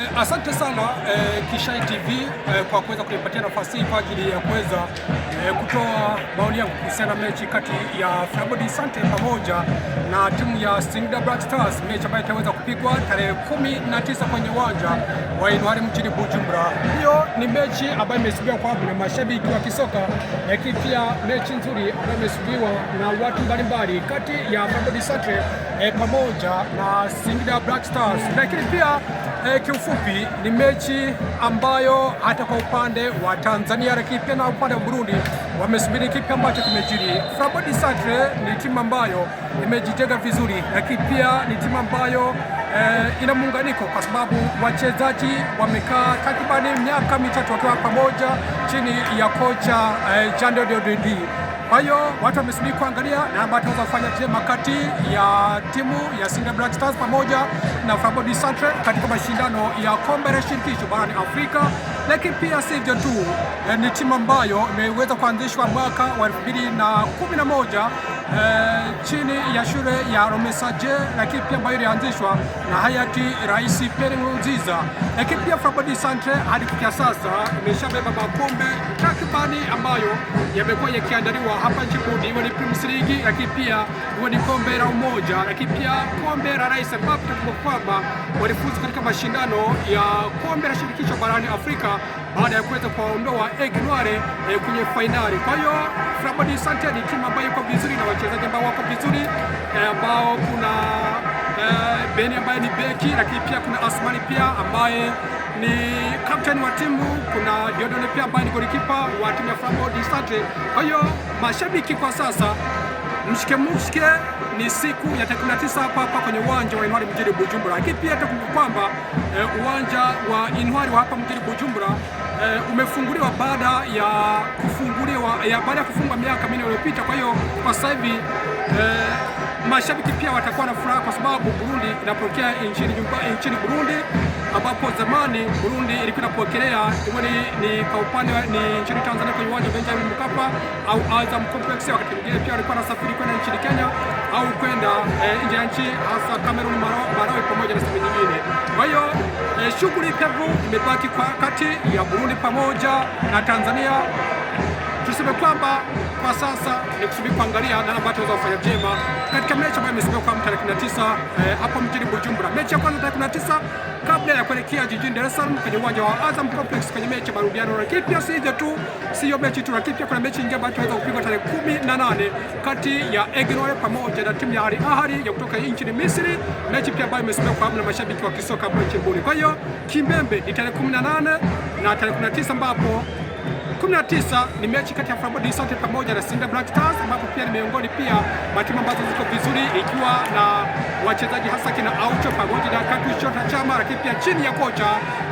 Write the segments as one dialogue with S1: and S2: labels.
S1: Eh, asante sana eh, Kishai TV eh, kwa kuweza kunipatia nafasi hii kwa ajili ya kuweza eh, kutoa maoni yangu kuhusiana na mechi kati ya Flambeau Sante pamoja na timu ya Singida Black Stars, mechi ambayo itaweza itapigwa tarehe kumi na tisa kwenye uwanja wa Intwari mjini Bujumbura. Hiyo ni mechi ambayo imesubiwa kwa na mashabiki wa kisoka, lakini pia mechi nzuri ambayo imesubiwa na watu mbalimbali kati ya Fagodi Sante e, eh, pamoja na Singida Black Stars, lakini pia e, kiufupi ni mechi ambayo hata kwa upande wa Tanzania lakini pia na upande wa Burundi wamesubiri kipi ambacho kimejiri. Fagodi Sante ni timu ambayo imejitega vizuri, lakini pia ni timu ambayo eh, ina muunganiko kwa sababu wachezaji wamekaa takribani miaka mitatu wakiwa pamoja chini ya kocha eh, Jean Dodidi. Kwa hiyo watu wamesubiri kuangalia na ambayo tunaweza kufanya tena kati ya timu ya Singida Black Stars pamoja na di Santre katika mashindano ya kombe la shirikisho barani Afrika, lakini pia sivyo tu eh, ni timu ambayo imeweza kuanzishwa mwaka wa 2011 eh, chini ya shule ya Romesaje, lakini pia ambayo ilianzishwa na hayati Rais Pierre Nkurunziza, lakini pia Fabodi Santre hadi kufikia sasa imeshabeba makombe takribani ambayo yamekuwa yakiandaliwa hapa nchini Burundi, iwe ni Primus League, lakini pia iwe ni kombe la umoja, lakini pia kombe la rais, ambapo kwamba walifuzu katika mashindano ya kombe la shirikisho barani Afrika baada ya kuweza kuwaondoa Aigle Noire eh, kwenye fainali. Kwa hiyo Fabodi Santre ni timu ambayo iko vizuri na wachezaji ambao wako vizuri eh, ambao e, kuna e, eh, Beni ambaye ni beki, lakini pia kuna Asmani pia ambaye ni captain wa timu, kuna Diodone pia ambaye ni golikipa wa timu ya Flambeau Disantre. Kwa hiyo mashabiki kwa sasa mshike mshike, ni siku ya tarehe 19 hapa hapa kwenye uwanja wa Intwari mjini Bujumbura, lakini pia tukumbuke kwamba e, uwanja wa Intwari wa hapa mjini Bujumbura e, umefunguliwa baada ya kufunguliwa ya baada ya kufungwa miaka minne iliyopita. Kwa hiyo kwa sasa hivi eh, mashabiki pia watakuwa na furaha kwa sababu Burundi inapokea nchini nchini Burundi ambapo zamani Burundi ilikuwa inapokelea ni ni kwa upande wa ni nchini Tanzania kwenye uwanja wa Benjamin Mkapa au Azam Complex. Wakati mwingine pia walikuwa wanasafiri kwenda nchini Kenya au kwenda eh, nje ya nchi hasa Cameroon, Malawi pamoja na sehemu nyingine. Kwa hiyo eh, shughuli pevu imebaki kwa kati ya Burundi pamoja na Tanzania tuseme kwamba kwa sasa ni kusubiri kuangalia nani ambaye ataweza kufanya jema katika mechi ambayo imesemwa kwamba tarehe 19 eh, hapo mjini Bujumbura. Mechi ya kwanza tarehe 19 kabla ya kuelekea jijini Dar es Salaam kwenye uwanja wa Azam Complex kwenye mechi ya marudiano, lakini pia si hizo tu, sio mechi tu, lakini pia kuna mechi nyingine ambayo itaweza kupigwa tarehe 18 kati ya Egnor pamoja na timu ya Al Ahly ya kutoka nchini Misri, mechi pia ambayo imesemwa kwamba na mashabiki wa kisoka hapo nchini. Kwa hiyo kimbembe ni tarehe 18 na tarehe 19 ambapo 19 ni mechi kati ya Farabodi sote pamoja na Singida Black Stars, ambapo pia ni miongoni pia matima ambazo ziko vizuri, ikiwa na wachezaji hasa kina Aucho pamoja na Kakushota Chama, lakini pia chini ya kocha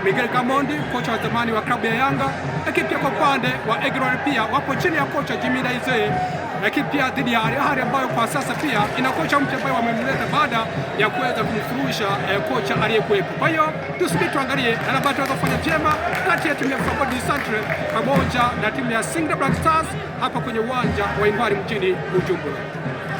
S1: Miguel Gamondi, kocha wa zamani wa klabu ya Yanga. Lakini pia kwa upande wa Egron pia wapo chini ya kocha Jimmy Daizee, lakini pia dhidi ya Al Ahly ambayo kwa sasa pia ina kocha mpya ambaye wamemleta baada ya kuweza kumfurusha eh, kocha aliyekuwepo. Kwa hiyo tusubiri tuangalie Anabata anaweza kufanya vyema kati ya timu ya Fabo di Santre pamoja na timu ya Singida Black Stars hapa kwenye uwanja wa Ingwari mjini Bujumbura.